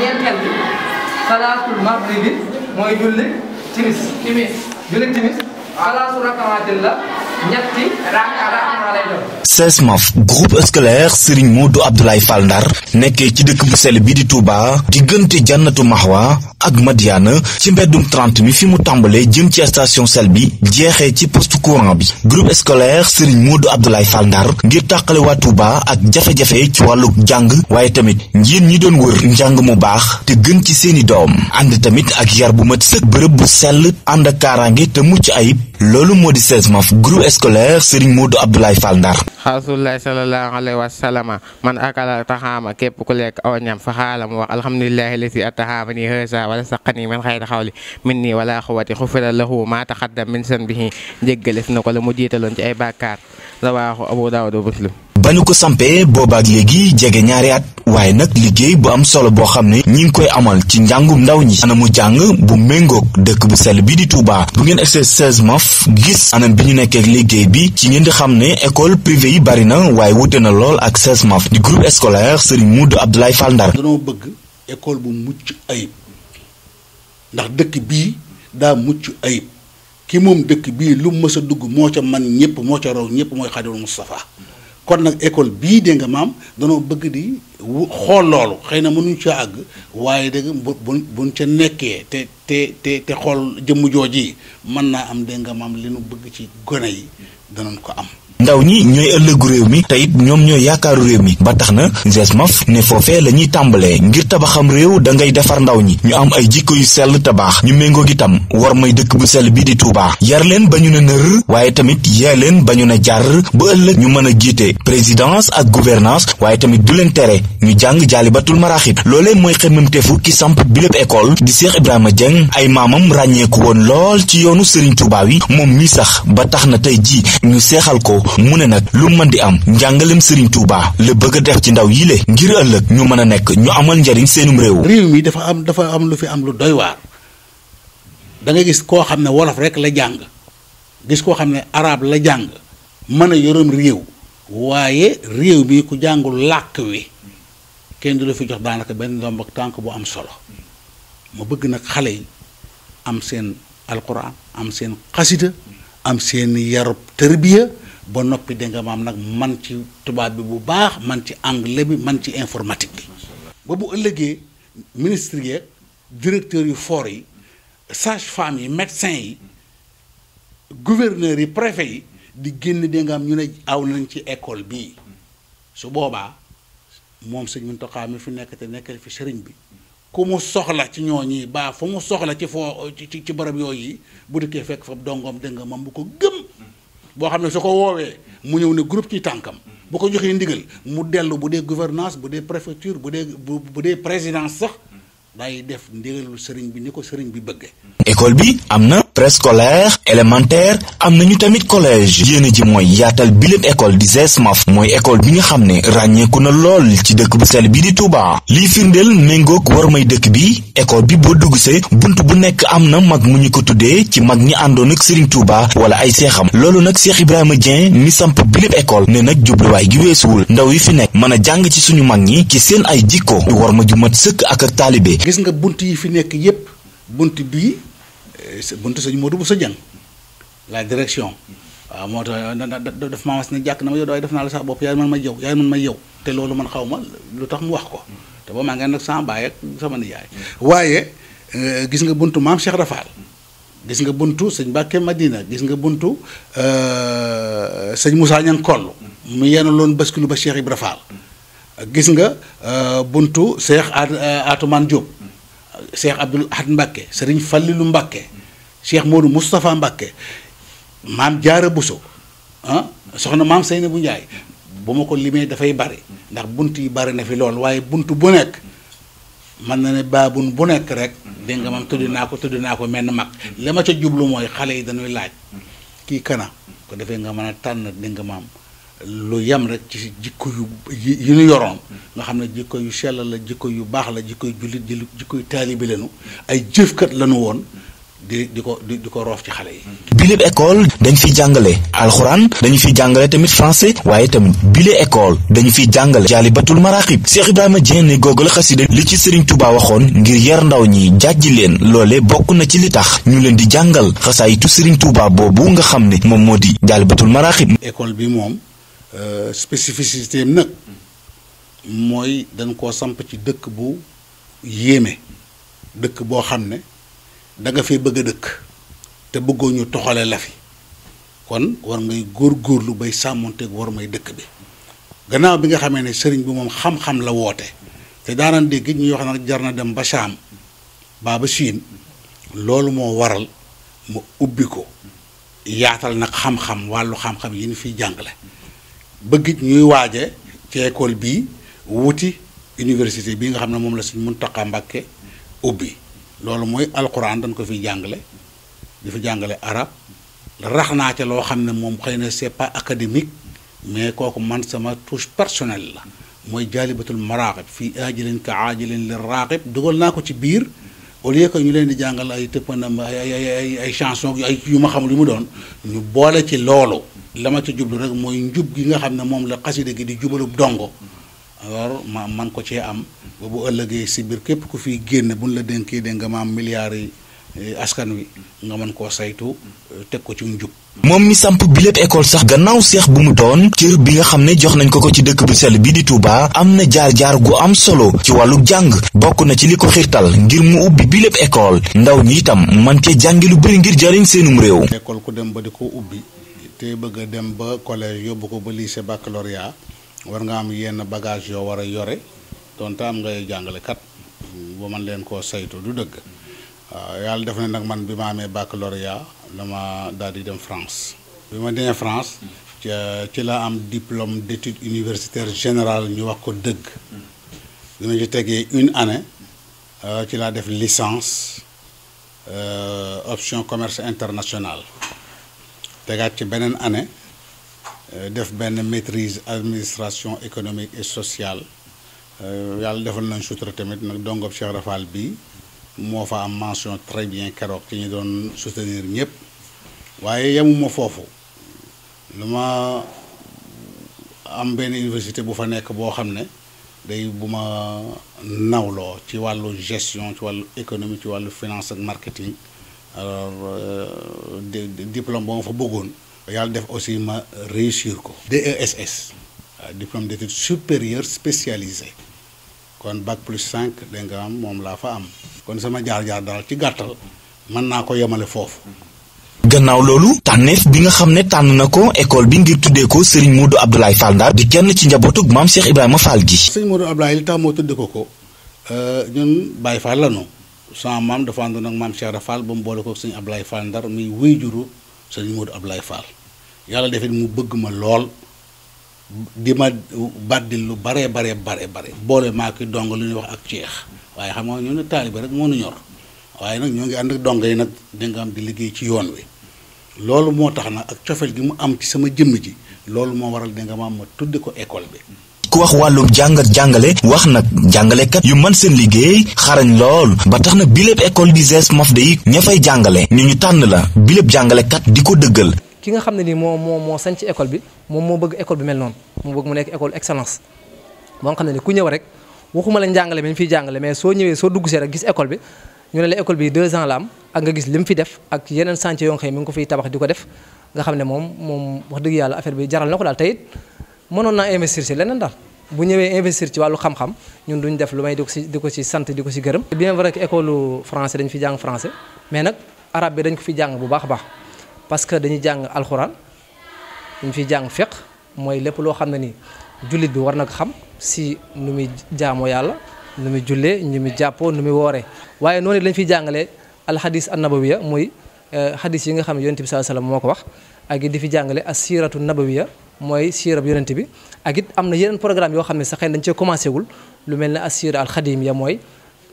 ñeenteel bi salaatul maghrib bi mooy julli timis timis julli timis salaatul rakaatin la ñetti raaka lay doon. SESMAF groupe scolaire Serigne Modou Abdoulaye Fall Ndar nekkee ci dëkk bu sell bi di Touba diggante janatu Mahwa ak Madiana ci mbeddum 30 mi fi mu tàmbalee jëm ci station sell bi jeexee ci poste courant bi groupe scolaire Serigne Modou Abdoulaye Fall Ndar ngir tàqale waa Touba ak jafe-jafe ci wàllu jàng waaye tamit njéen ñi doon wër njàng mu baax te gën ci seeni doom ànd tamit ak yar bu ma sëkk bërëb bu sell ànd ak kaaraange te mucc ayib loolu scolaire Serigne Modou Abdoulaye Fall Ndar rasulullah sallallahu alayhi wa sallama man akala taxaama képp ku lekk aw ñam fa xaalam wax alhamdulilahi lasi ataxaama ni hësa wala saqani man xayta xawli min nii wala xuwati xufira lahu maa taxaddam min san bihi njéggalef na ko la mu jiitaloon ci ay bàkkaar rawaaxu abu daawud wa muslim ba ñu ko sampee boobaak léegi jege ñaari at waaye nag liggéey bu am solo boo xam ne ñi ngi koy amal ci njàngum ndaw ñi ana mu jàng bu méngoog dëkk bu sell bi di Touba bu ngeen egsee 16 maf gis anam bi ñu nekkee liggéey bi ci ngeen di xam ne école privée yi bari na waaye wute na lool ak 16 maf di groupe scolaire Serigne Moudou Abdoulaye fal Ndar danoo bëgg école bu mucc ayib ndax dëkk bii daa mucc ayib ki moom dëkk bii lu mës a dugg moo ca man ñëpp moo ca raw ñëpp mooy Xaadimul Mustafa kon nag école bii dégg maam danoo bëgg di xool loolu xëy na mënuñ ca àgg waaye dégg bu bu buñ ca nekkee te te te te xool jëmm jooji mën naa am dégg nga maam li nu bëgg ci gone yi danañ ko am ndaw ñi ñooy ëllëgu réew mi te ñoom ñooy yaakaaru réew mi ba tax na GESMAF ne foofe la ñuy tàmbalee ngir tabaxam réew da ngay defar ndaw ñi ñu am ay jikko yu sell te ñu méngoo gi war may dëkk bu sell bii di Touba yar leen ba ñu ne waaye tamit yee leen ba ñu ne jar ba ëllëg ñu mën a jiite présidence ak gouvernance waaye tamit du leen tere ñu jàng jaalibatul maraaxib loolee mooy xemmemteefu ki samp bi école di Cheikh Ibrahima Dieng ay maamam ràññeeku woon lool ci yoonu Serigne Touba wi moom mi sax ba tax na tey ji ñu seexal ko mu ne nag lu mën di am njàngalem Serigne Touba la bëgg a def ci ndaw yi le ngir ëllëg ñu mën a nekk ñu amal njariñ seenum réew. réew mii dafa am dafa am lu fi am lu doy waar gis koo xam ne wolof rek la jàng gis koo xam ne arab la jàng mën a yoroom réew waaye réew mi ku jàngul làkk wi kenn du la fi jox daanaka benn ndomb ak tànk bu am solo ma bëgg nag xale yi am seen alquran am seen xasida am seen yarub tërbiya ba noppi da nga maam nag man ci tubaab bi bu baax man ci anglais bi man ci informatique bi ba bu ëllëgee ministre yeeg directeurs yu foor yi sages-femmes yi médecins yi gouverneurs yi préfet yi di génn da ñu ne aw nañ ci école bii su boobaa moom sëñ Muntaxa mi fi nekk te nekk fi sëriñ bi ku mu soxla ci ñooñi baa fu mu soxla ci foo ci ci barab yooyu bu dikkee fekk fa dongoom dënga mam bu ko gëm boo xam ne su ko woowee mu ñëw ne groupe ci tànkam bu ko joxee ndigal mu dellu bu dee gouvernance bu dee préfecture bu dee bu bu dee présidence sax day def ndigalul sëriñ bi ni ko sëriñ bi bëgge école bi am na préscolaire élémentaire am nañu tamit collège yéene ji mooy yaatal bi leen école di GESMAF mooy école bi nga xam ne ràññeeku na lool ci dëkk bu sell bi di Touba lii firndeel méngoog war may dëkk bi école bi boo duggsee bunt bu nekk am na mag mu ñu ko tuddee ci mag ñi àndoon ak Serigne Touba wala ay seexam loolu nag Cheikh Ibrahima Dieng mi samp bi lépp école ne nag jubluwaay gi weesuwul ndaw yi fi nekk mën a jàng ci suñu mag ñi ci seen ay jikko war ma ju mat sëkk ak ak gis nga bunt yi fi nekk yépp bunt bii eh, bunt sëñ Modou sa jàng la direction waaw moo tax daf maa mas ne jàkk na ma def naa la bopp yaay man ma yow yaay ma yow te loolu man xaw ma lu tax mu wax ko te ba maa ngi nag sama baay waaye eh, gis nga buntu maam Cheikh Rafaal gis nga buntu sëñ Mbàkke Madina gis nga buntu eh, sëñ Moussa Ñang Koll mu yenu ba Cheikh Ibra Fall gis nga buntu Cheikh Atoumane Diop Cheikh Abdoul Ahad Mbacke sëriñ Fallilou Mbacke Cheikh Modou Moustapha Mbacke maam Jaara Bousso ah soxna maam Seyna bu Njaay bu ma ko limee dafay bari ndax bunt yi bari na fi lool waaye bunt bu nekk mën na ne baabun bu nekk rek dégg nga maam tudd naa ko tudd naa ko menn mag li ma ca jublu mooy xale yi dañuy laaj kii kana ko defee nga mën a tànn dégg nga maam lu yem rek ci jikko yu yi ñu yoroon nga xam ne jikko yu sell la jikko yu baax la jikko yu jullit ji jikko yu taalibi lañu ay jëfkat lañu woon di di ko di ko roof ci xale yi. bile école dañ fi jàngale alxuraan dañu fi jàngale tamit français waaye tamit bile école dañu fi jàngale jaalibatul maraaxib Cheikh Ibrahima Dieng ne googu la xasida li ci Serigne Touba waxoon ngir yar ndaw ñi jàjji leen loole bokk na ci li tax ñu leen di jàngal xasaayitu Serigne Touba boobu nga xam ne moom moo di jaalibatul maraaxib. école bi moom. Euh, spécificité am nag mooy dañ koo samp ci dëkk bu yéeme dëkk boo xam ne da nga bëgg a dëkk te bëggoo ñu toxale la fi kon war ngay góorgóorlu bay sàmmonteeg war may dëkk bi gannaaw bi nga xamee ne sëriñ bi moom xam-xam la woote te daanaan dégg ñuy wax nag jar na dem ba saam baaba siin loolu moo waral mu ubbi ko yaatal nag xam-xam wàllu xam-xam yi ñu fiy jàngale bëgg ñuy waaje ci école bi wuti université bi nga xam ne moom la suñ Muntaxa Mbàkke ubbi loolu mooy alxuraan dañ ko fiy jàngale di fi jàngale arab rax naa ca loo xam ne moom xëy na c'est pas académique mais kooku man sama touche personnelle la mooy jaalibatul maraaxib fii aajilin ka aajilin li raaqib dugal naa ko ci biir au lieu que ñu leen di jàngal ay tëppandam ay ay ay ay chanson ak yu ma xamul yu mu doon ñu boole ci loolu. la ma ci jublu rek mooy njub gi nga xam ne moom la xasida gi di jubalub dong alors ma man ko cee am ba bu ëllëgee si biir képp ku fiy génn buñ la denkee dégg nga ma am milliards yi. Eh, askan wi nga mën koo saytu eh, teg ko ci mu njub. moom mi samp biléb école sax gannaaw seex bu mu doon cër bi nga xam ne jox nañ ko ko ci dëkk bu sell bi di Touba am na jaar-jaar gu am solo ci wàllu jàng bokk na ci li ko xirtal ngir mu ubbi biléb école ndaw ñi itam man cee jàngi lu bëri ngir jariñ seenum réew. école ku dem ba di ko ubbi te bëgg a dem ba collège yóbbu ko ba lycée baccalauréat war nga am yenn bagage yoo war a yore donte am ngay jàngalekat ba mën leen koo saytu du dëgg. waaw yàlla def na nag man bi ma amee baccalauréat dama daal di dem France bi ma demee France ci laa am diplôme d'études universitaires général ñu wax ko dëgg bi ma tegee une année euh, ci laa def licence euh, option commerce international tegaat ci beneen année euh, def benn maîtrise administration économique et sociale yàlla defal nañ sutura tamit nag dongob Cheikh Rafal bii moo fa am mention très bien keroog ci ñu doon soutenir ñëpp waaye yemuma foofu lu ma am benn université bu fa nekk boo xam ne day bu ma nawloo ci wàllu gestion ci wàllu économie ci wàllu finance ak marketing alors euh, diplôme ba ma fa bëggoon yàlla def aussi ma réussir ko DESS euh, diplôme d'études supérieures spécialisées kon bac plus cinq da am moom laa fa am kon sama jaar-jaar daal ci gàttal man naa ko yemale foofu. gannaaw loolu tànneef bi nga xam ne tànn na ko école bi ngir tuddee ko Serigne Modou Abdoulaye Fall Ndar di kenn ci njabootug maam Cheikh Ibrahima Fall gi. Serigne Modou Abdoulaye li tax moo tuddee ko ko euh, ñun Baye Fall lanu sama maam dafa àndoon ak maam Cheikh Fall ba mu boole ko Serigne Abdoulaye Fall Ndar muy wéy juru Serigne Modou Abdoulaye Fall yàlla defit mu bëgg ma lool. di ma bàddil lu bare bare bare bare boole maa ki dong lu ñuy wax ak ceex waaye xam nga ñoo ne taaliba rek moo nu ñor waaye nag ñoo ngi ànd ak dong yi nag di nga am di liggéey ci yoon wi loolu moo tax nag ak cofeel gi mu am ci sama jëmm ji loolu moo waral di nga ma am ma tudde ko école bi ku wax wàllum jàngat jàngale wax nag jàngalekat yu man seen liggéey xarañ lool ba tax na biléb école di GES Maf de yi ña fay jàngale ñu ñu tànn la biléb jàngalekat di ko dëggal ki nga xam ne nii moo moo moo sañ école bi moom moo bëgg école bi mel noonu moo bëgg mu nekk école excellence moo xam ne ni ku ñëw rek waxuma la njàngale mi ñu fiy jàngale mais soo ñëwee soo dugg see rek gis école bi ñu ne la école bi deux ans la gis li fi def ak yeneen chantier yoo xam ne ngi ko fiy tabax di ko def nga xam ne moom moom wax dëgg yàlla affaire bi jaral na ko daal teyit mënoon investir si leneen daal bu ñëwee investir ci wàllu xam ñun duñ def lu may di ko ko si sant di ko si gërëm bien vrai que école français dañ fi jàng français mais nag arabe bi dañ ko fi jàng bu baax a baax parce que dañuy jàng alxuraan dañ fiy jàng fiq mooy lépp loo xam ne nii jullit bi war nag xam si nu muy jaamoo yàlla nu muy jullee ñu muy jàppoo nu muy wooree waaye noonu lañ fiy jàngalee alxadis annabawiya mooy eh, xadis yi nga xam ne yonent bi saa sallam moo ko wax ak it di fi jàngale as siiratu nabawiya mooy siirab yonent bi ak it am na yeneen programme yoo xam ne sax xëy dañ cee commencé wul lu mel ne as siira alxadim ya mooy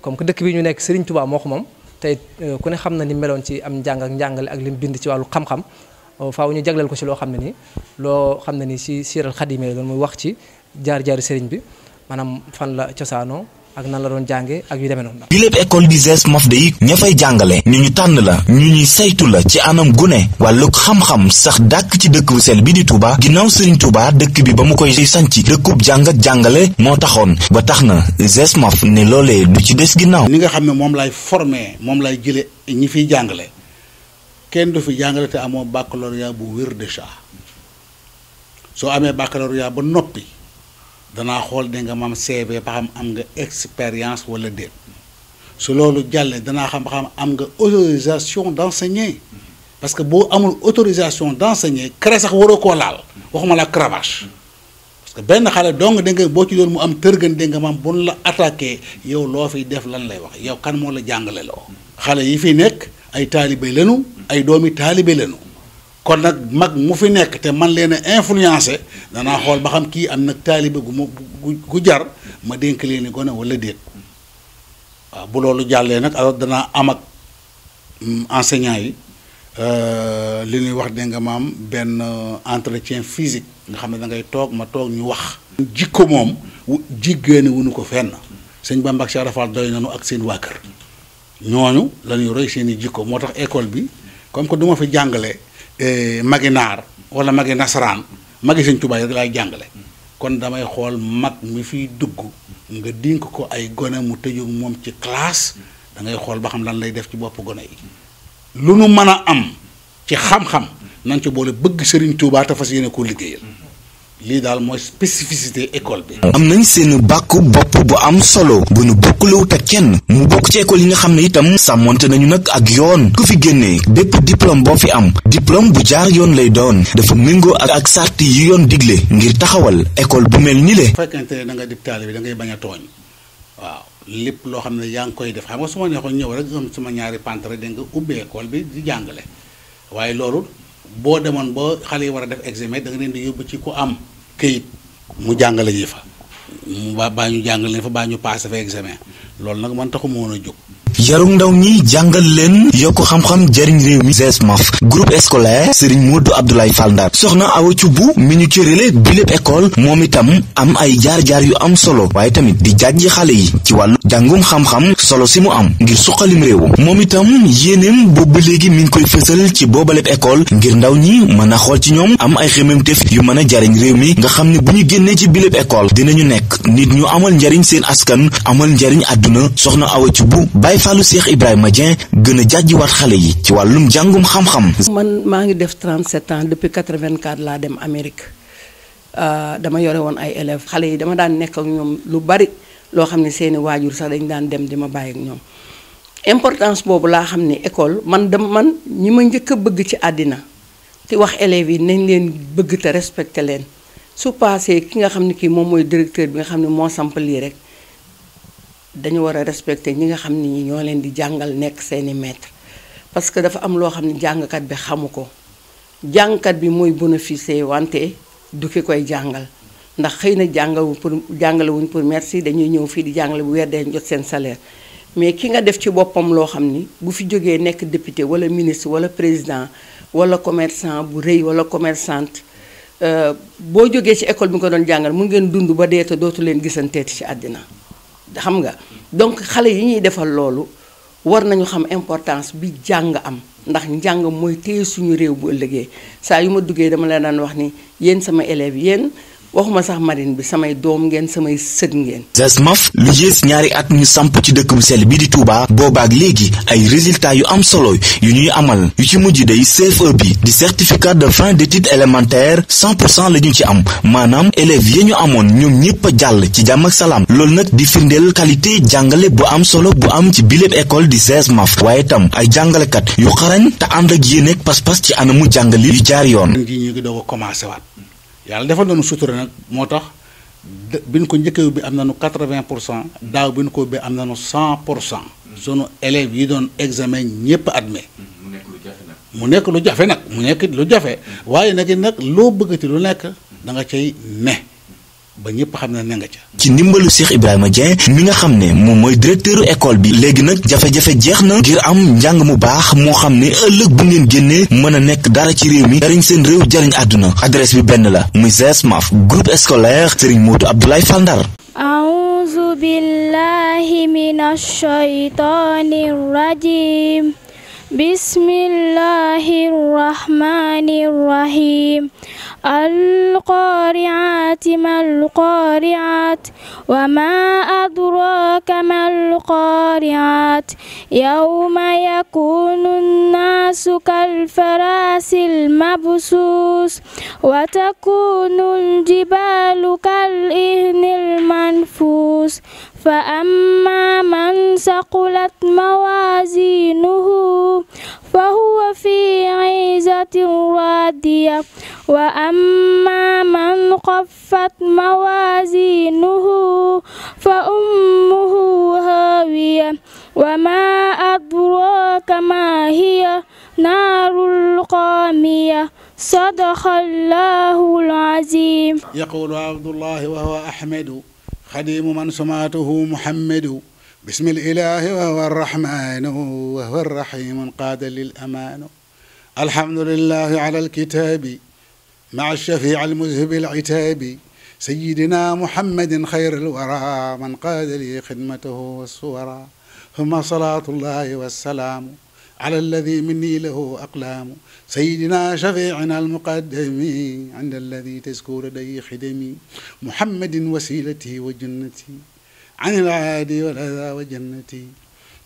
comme que dëkk bi ñu nekk Serigne Touba moo ko moom tey euh, ku ne xam na ni meloon ci am njàng ak njàngale ak lim bind ci wàllu xam-xam euh, faaw ñu jagleel ko ci loo xam ne nii loo xam ne nii si siiral xadime la muy wax ci jaar jaari sëriñ bi maanaam fan la cosaanoo ak nan la doon jànge ak yu école di ges maf de yi ña fay jàngale ñu ñu tànn la ñu ñuy saytu la ci anam gune wàllu xam-xam sax dàkk ci dëkk bu sel bi di Touba ginnaaw Serigne Touba dëkk bi ba mu koy sanc dëkkub jàng jàngale moo taxoon ba tax na ges maf ne loolee du ci des ginnaaw ni nga xam ne moom lay formé moom lay jële ñi fiy jàngale kenn du fi jàngale te amoo baccalauréat bu wér déjà soo amee baccalauréat ba noppi danaa xool da nga mam CV ba xam am nga expérience wala déet su loolu jàllee danaa xam xam am nga autorisation d'enseigner parce que boo amul autorisation d'enseigner CREC sax waroo koo laal waxuma la cravache parce que benn xale dong da nga boo ci doon mu am tërgën da nga maam buñ la attaqué yow loo fiy def lan lay wax yow kan moo la jàngale loo xale yi fi nekk ay taalibe lenu ay doomi taalibe lenu kon nag mag mu fi nekk te man leen a influencé danaa xool ba xam kii am nag taalibe gu ma gu jar ma dénk leen gone wala déet waaw bu loolu jàllee nag alors danaa am ak mm, enseignant yi euh, li nuy wax dégg nga maam benn euh, entretien physique nga xam ne da ngay toog ma toog ñu wax. jikko moom jigéene wuñu ko fenn sëñ Bamba ak Cheikh Rafal doy nañu ak seen waa kër ñooñu la ñuy roy seen i jikko moo tax école bi comme que du ma fi jàngalee. Eh, magi naar wala magi nasaraan magi sëñ Tuubaa rek laay jàngale kon damay xool mag mi fiy dugg nga dénk ko ay gone mu tëjoog moom ci classe dangay xool ba xam lan lay def ci bopp gone yi lu nu mën a am ci xam-xam nañ ci boole bëgg Serigne Touba te fas yéene koo liggéeyal. lii daal mooy spécificité école bi. am nañ seen bàkku bopp bu am solo bu nu bokkulewut ak kenn mu bokk ci école yi nga xam ne itam sàmmonte nañu nag ak yoon ku fi génnee bépp diplôme boo fi am diplôme bu jaar yoon lay doon dafa méngoo ak ak sart yi yoon digle ngir taxawal école bu mel ni le. fekkente ne da nga dib da ngay bañ a tooñ waaw lépp loo xam ne yaa ngi koy def xam nga su ma neexoon ñëw rek am sama ñaari pantre da nga ubbee école bi di jàngale waaye loolu. boo demoon ba xale yi war a def examen da nga leen di yóbbu ci ku am kayit mu jàngale ji fa mu baa ñu jàngale fa baa ñu passé fa examen loolu nag man taxu ma woon a jóg yarum ndaw ñi jàngal leen yokk xam-xam jëriñ réew mi GESMAF groupe scolaire Serigne Modou Abdoulaye Fall Ndar soxna Awa bu mi ñu cërale bi lépp école moom itam am ay jaar-jaar yu am solo waaye tamit di jàjji xale yi ci wàllu jàngum xam-xam solo si mu am ngir suqalim réew moom itam yéeneem boobu léegi mi ngi koy fësal ci boobaleb école ngir ndaw ñi mën a xool ci ñoom am ay xemmeemteef yu mën a jariñ réew mi nga xam ne bu ñu génnee ci biléb école dinañu nekk nit ñu amal njariñ seen askan amal njariñ àdduna soxna Awa Thioub Fallou Cheikh Ibrahima Dieng gën a jàjjiwaat xale yi ci wàllum jàngum xam-xam. man maa ngi def 37 ans depuis 84 laa dem Amérique euh, dama yore woon ay élèves xale yi dama daan nekk ñoom lu bari loo xam ne seeni waajur sax dañu daan dem di ma bàyyi ak ñoom importance boobu laa xam ne école man dama man ñi ma njëkk a bëgg ci àddina te wax élèves yi nañ leen bëgg te respecté leen su paasee ki nga xam ne kii moom mooy directeur bi nga xam ne moo samp lii rek. dañu war a respecter ñi nga xam ni ñoo leen di jàngal nekk seeni maître parce que dafa am loo xam ni jàngkat bi xamu ko jàngkat bi mooy bénéficier wante du ki koy jàngal ndax xëy na jàngawu pour jàngale wuñ pour merci dañuy ñëw fii di jàngale bu weer dee jot seen salaire mais ki nga def ci boppam loo xam ni bu fi jógee nekk député wala ministre wala président wala commerçant bu rëy wala commerçante euh, boo jógee ci école bi nga doon jàngal mu ngeen dund ba dee dootu leen gisanteeti ci àddina xam nga donc xale yi ñuy defal loolu war nañu xam importance bi jàng am ndax njàng mooy téye suñu réew bu ëllëgee saa yu ma duggee dama leen daan wax ni yéen sama élèves yéen waxuma sax marine bi samay doom ngeen samay sët ngeen. Zasmaf lu yées ñaari at ñu samp ci dëkk bu sell bii di Touba. boobaak léegi ay résultats yu am solo yu ñuy amal yu ci mujj day CFE bi di certificat de fin de élémentaires 100 pour cent la ñu ci am maanaam élèves yi ñu amoon ñoom ñëpp a jàll ci jàmm ak salaam loolu nag di firndeel qualité jàngale bu am solo bu am ci biléb école di Zasmaf waaye tam ay jàngalekat yu xarañ te ànd ak yéen ak pas-pas ci anamu jàngale yu jaar yoon. ñu ñu ngi doog a yàlla defal nañu sutura nag moo tax bi ñu ko njëkkee bi am na nu quatre-vingt pour cent daaw bi ñu ko bi am nañu cent pour cent. Mm-hmm. sunu élèves yi doon examen ñëpp admis. Mm-hmm. mu nekk lu jafe nag. mu nekk lu jafe nag mu nekk lu jafe mm-hmm. waaye nag yi nag loo bëggati lu nekk da nga cay ne. ba ñëpp xam ne na nga ca ci ndimbalu Cheikh Ibrahima Dieng mi nga xam ne moom mooy directeur école bi léegi nag jafe-jafe jeex na ngir am njàng mu baax moo xam ne ëllëg bu ngeen génnee mën a nekk dara ci réew mi jariñ seen réew jariñ àdduna adresse bi benn la muy GESMAF groupe scolaire Serigne Modou Abdoulaye Fall Ndar أعوذ بالله من الشيطان الرجيم بسم الله الرحمن الرحيم القارعات ما القارعات وما أدراك ما القارعات يوم يكون الناس كالفراس المبسوس وتكون الجبال كالإهن المنفوس فأما من ثقلت موازينه فهو في عزة راضية wa amma man xaffat mawaaziinuhu fa ummuhu haawiya wa maa adraaka maa hiya naarun qaamiya sadaqallaahul aziim yaquulu abdullahi wa huwa ahmadu xadiimu man sumaatuhu muhammadu bismi ilaahi wa huwa arrahmaanu wa huwa arrahiimu qaada lil amaanu alhamdulillaahi alal kitaabi مع الشفيع المذهب العتاب سيدنا محمد خير الورى من قاد لي خدمته والصورا ثم صلاة الله والسلام على الذي مني له أقلام سيدنا شفيعنا المقدم عند الذي تزكو لدي خدمي محمد وسيلتي وجنتي عن العادي والأذى وجنتي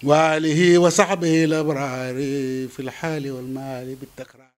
وآله وصحبه الأبرار في الحال والمال بالتكرار